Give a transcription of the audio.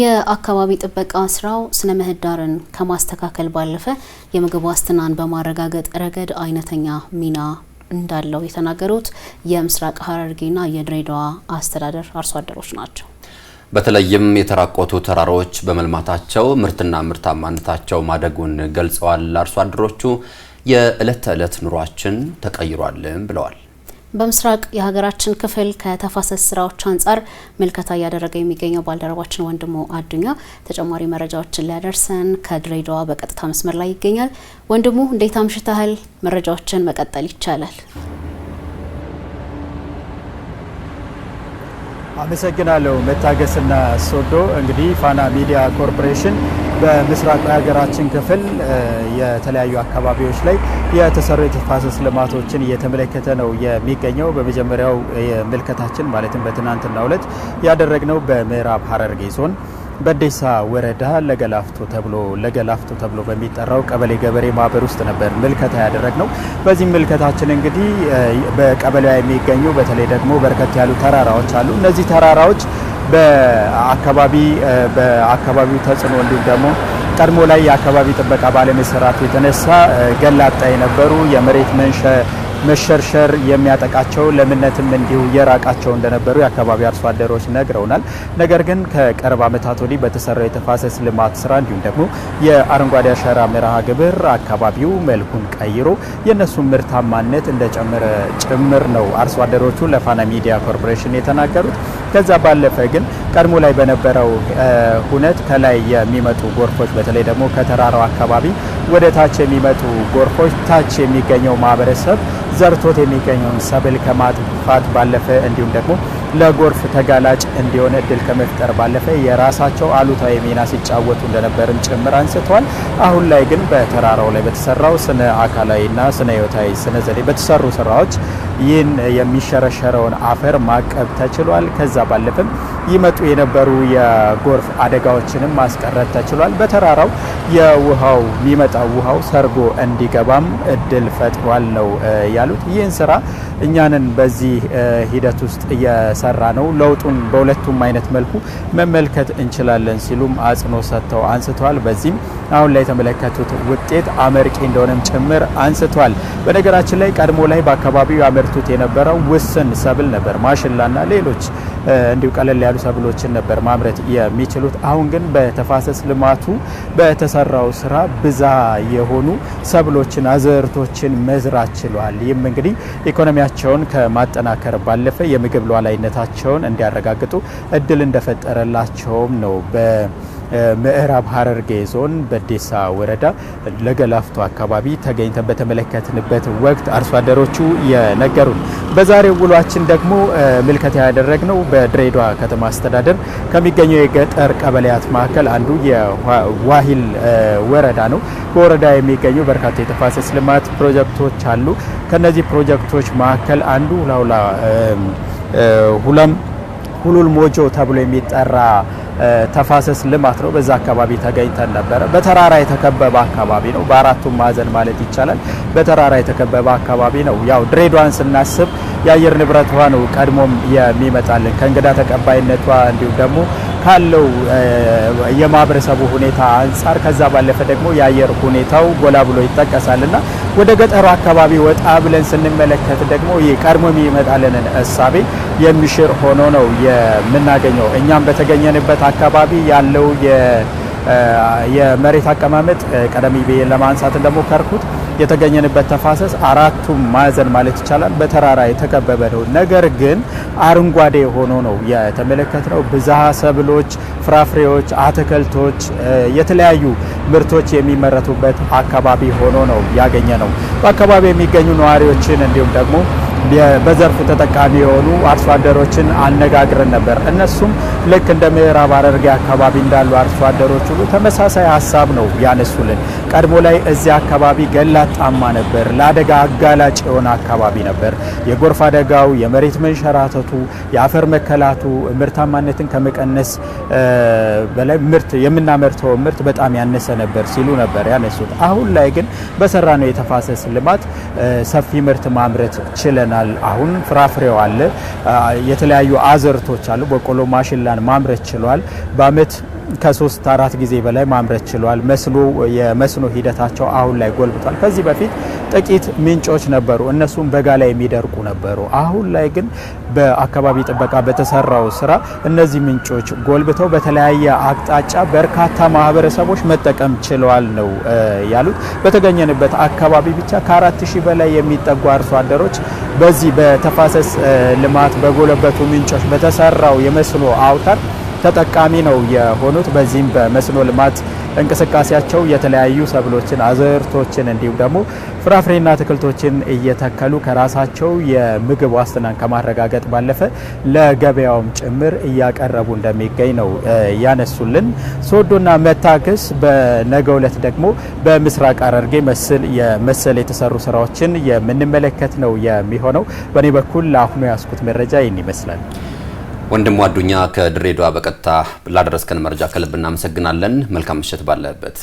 የአካባቢ ጥበቃ ስራው ስነ ምህዳርን ከማስተካከል ባለፈ የምግብ ዋስትናን በማረጋገጥ ረገድ አይነተኛ ሚና እንዳለው የተናገሩት የምስራቅ ሐረርጌና የድሬዳዋ አስተዳደር አርሶ አደሮች ናቸው። በተለይም የተራቆቱ ተራሮች በመልማታቸው ምርትና ምርታማነታቸው ማደጉን ገልጸዋል። አርሶ አደሮቹ የዕለት ተዕለት ኑሯችን ተቀይሯልም ብለዋል። በምስራቅ የሀገራችን ክፍል ከተፋሰስ ስራዎች አንጻር ምልከታ እያደረገ የሚገኘው ባልደረባችን ወንድሙ አዱኛ ተጨማሪ መረጃዎችን ሊያደርሰን ከድሬዳዋ በቀጥታ መስመር ላይ ይገኛል። ወንድሙ እንዴት አምሽተሃል? መረጃዎችን መቀጠል ይቻላል። አመሰግናለሁ መታገስና ሶዶ። እንግዲህ ፋና ሚዲያ ኮርፖሬሽን በምስራቅ ሀገራችን ክፍል የተለያዩ አካባቢዎች ላይ የተሰሩ የተፋሰስ ልማቶችን እየተመለከተ ነው የሚገኘው። በመጀመሪያው ምልከታችን ማለትም በትናንትናው ዕለት ያደረግነው በምዕራብ ሐረርጌ ዞን በዴሳ ወረዳ ለገላፍቶ ተብሎ ለገላፍቶ ተብሎ በሚጠራው ቀበሌ ገበሬ ማህበር ውስጥ ነበር ምልከታ ነው። በዚህ ምልከታችን እንግዲህ በቀበሌዋ የሚገኙ በተለይ ደግሞ በርከት ያሉ ተራራዎች አሉ። እነዚህ ተራራዎች በአካባቢ በአካባቢው ተጽዕኖ እንዲሁም ደግሞ ቀድሞ ላይ የአካባቢ ጥበቃ ባለመሰራቱ የተነሳ ገላጣ የነበሩ የመሬት መንሸ መሸርሸር የሚያጠቃቸው ለምነትም እንዲሁ የራቃቸው እንደነበሩ የአካባቢ አርሶ አደሮች ነግረውናል። ነገር ግን ከቅርብ ዓመታት ወዲህ በተሰራው የተፋሰስ ልማት ስራ እንዲሁም ደግሞ የአረንጓዴ አሻራ መርሃ ግብር አካባቢው መልኩን ቀይሮ የእነሱን ምርታማነት እንደጨመረ ጭምር ነው አርሶ አደሮቹ ለፋና ሚዲያ ኮርፖሬሽን የተናገሩት። ከዛ ባለፈ ግን ቀድሞ ላይ በነበረው ሁነት ከላይ የሚመጡ ጎርፎች በተለይ ደግሞ ከተራራው አካባቢ ወደ ታች የሚመጡ ጎርፎች ታች የሚገኘው ማህበረሰብ ዘርቶት የሚገኘውን ሰብል ከማጥፋት ባለፈ እንዲሁም ደግሞ ለጎርፍ ተጋላጭ እንዲሆን እድል ከመፍጠር ባለፈ የራሳቸው አሉታዊ ሚና ሲጫወቱ እንደነበርም ጭምር አንስተዋል። አሁን ላይ ግን በተራራው ላይ በተሰራው ስነ አካላዊና ስነ ህይወታዊ ስነ ዘዴ በተሰሩ ስራዎች ይህን የሚሸረሸረውን አፈር ማቀብ ተችሏል። ከዛ ባለፈም ይመጡ የነበሩ የጎርፍ አደጋዎችንም ማስቀረት ተችሏል። በተራራው የውሃው የሚመጣው ውሃው ሰርጎ እንዲገባም እድል ፈጥሯል ነው ያሉት። ይህን ስራ እኛንን በዚህ ሂደት ውስጥ እየሰራ ነው ለውጡን በሁለቱም አይነት መልኩ መመልከት እንችላለን ሲሉም አጽኖ ሰጥተው አንስተዋል። በዚህም አሁን ላይ የተመለከቱት ውጤት አመርቂ እንደሆነም ጭምር አንስተዋል። በነገራችን ላይ ቀድሞ ላይ በአካባቢው ያመርቱት የነበረው ውስን ሰብል ነበር፣ ማሽላና ሌሎች እንዲሁ ቀለል ያሉ ሰብሎችን ነበር ማምረት የሚችሉት። አሁን ግን በተፋሰስ ልማቱ በተሰራው ስራ ብዛ የሆኑ ሰብሎችን፣ አዝርቶችን መዝራት ችሏል። ይህም እንግዲህ ኢኮኖሚያቸውን ከማጠናከር ባለፈ የምግብ ሉዓላዊነታቸውን እንዲያረጋግጡ እድል እንደፈጠረላቸውም ነው። ምዕራብ ሐረርጌ ዞን በዴሳ ወረዳ ለገላፍቶ አካባቢ ተገኝተን በተመለከትንበት ወቅት አርሶ አደሮቹ የነገሩን። በዛሬው ውሏችን ደግሞ ምልከታ ያደረግነው በድሬዳዋ ከተማ አስተዳደር ከሚገኙ የገጠር ቀበሌያት መካከል አንዱ የዋሂል ወረዳ ነው። በወረዳ የሚገኙ በርካታ የተፋሰስ ልማት ፕሮጀክቶች አሉ። ከነዚህ ፕሮጀክቶች መካከል አንዱ ሁላሁላ ሁለም ሁሉል ሞጆ ተብሎ የሚጠራ ተፋሰስ ልማት ነው። በዛ አካባቢ ተገኝተን ነበረ። በተራራ የተከበበ አካባቢ ነው፣ በአራቱም ማዕዘን ማለት ይቻላል በተራራ የተከበበ አካባቢ ነው። ያው ድሬዳዋን ስናስብ የአየር ንብረቷ ነው ቀድሞም የሚመጣልን ከእንግዳ ተቀባይነቷ እንዲሁም ደግሞ ካለው የማህበረሰቡ ሁኔታ አንጻር ከዛ ባለፈ ደግሞ የአየር ሁኔታው ጎላ ብሎ ይጠቀሳልና ወደ ገጠሩ አካባቢ ወጣ ብለን ስንመለከት ደግሞ ይህ ቀድሞ የሚመጣልንን እሳቤ የሚሽር ሆኖ ነው የምናገኘው። እኛም በተገኘንበት አካባቢ ያለው የመሬት አቀማመጥ ቀደም ብዬ ለማንሳት እንደሞከርኩት የተገኘንበት ተፋሰስ አራቱም ማዕዘን ማለት ይቻላል በተራራ የተከበበ ነው። ነገር ግን አረንጓዴ ሆኖ ነው የተመለከትነው። ብዝሃ ሰብሎች፣ ፍራፍሬዎች፣ አትክልቶች፣ የተለያዩ ምርቶች የሚመረቱበት አካባቢ ሆኖ ነው ያገኘ ነው። በአካባቢ የሚገኙ ነዋሪዎችን እንዲሁም ደግሞ በዘርፉ ተጠቃሚ የሆኑ አርሶ አደሮችን አነጋግረን ነበር። እነሱም ልክ እንደ ምዕራብ ሐረርጌ አካባቢ እንዳሉ አርሶ አደሮች ሁሉ ተመሳሳይ ሀሳብ ነው ያነሱልን። ቀድሞ ላይ እዚያ አካባቢ ገላጣማ ነበር፣ ለአደጋ አጋላጭ የሆነ አካባቢ ነበር። የጎርፍ አደጋው፣ የመሬት መንሸራተቱ፣ የአፈር መከላቱ ምርታማነትን ከመቀነስ በላይ ምርት የምናመርተው ምርት በጣም ያነሰ ነበር ሲሉ ነበር ያነሱት። አሁን ላይ ግን በሰራ ነው የተፋሰስ ልማት ሰፊ ምርት ማምረት ችለ ችለናል። አሁን ፍራፍሬው አለ፣ የተለያዩ አዘርቶች አሉ። በቆሎ ማሽላን ማምረት ችሏል። በአመት ከሶስት አራት ጊዜ በላይ ማምረት ችሏል። መስኖ የመስኖ ሂደታቸው አሁን ላይ ጎልብቷል። ከዚህ በፊት ጥቂት ምንጮች ነበሩ፣ እነሱም በጋ ላይ የሚደርቁ ነበሩ። አሁን ላይ ግን በአካባቢ ጥበቃ በተሰራው ስራ እነዚህ ምንጮች ጎልብተው በተለያየ አቅጣጫ በርካታ ማህበረሰቦች መጠቀም ችለዋል ነው ያሉት። በተገኘንበት አካባቢ ብቻ ከአራት ሺህ በላይ የሚጠጉ አርሶ አደሮች በዚህ በተፋሰስ ልማት በጎለበቱ ምንጮች በተሰራው የመስኖ አውታር ተጠቃሚ ነው የሆኑት። በዚህም በመስኖ ልማት እንቅስቃሴያቸው የተለያዩ ሰብሎችን፣ አዝርቶችን እንዲሁም ደግሞ ፍራፍሬና አትክልቶችን እየተከሉ ከራሳቸው የምግብ ዋስትናን ከማረጋገጥ ባለፈ ለገበያውም ጭምር እያቀረቡ እንደሚገኝ ነው ያነሱልን። ሶዶና መታክስ በነገ ዕለት ደግሞ በምስራቅ ሐረርጌ የመሰል የተሰሩ ስራዎችን የምንመለከት ነው የሚሆነው። በእኔ በኩል ለአሁኑ ያስኩት መረጃ ይህን ይመስላል። ወንድሙ አዱኛ ከድሬዳዋ በቀጥታ ላደረስከን መረጃ ከልብ እናመሰግናለን። መልካም ምሽት ባለበት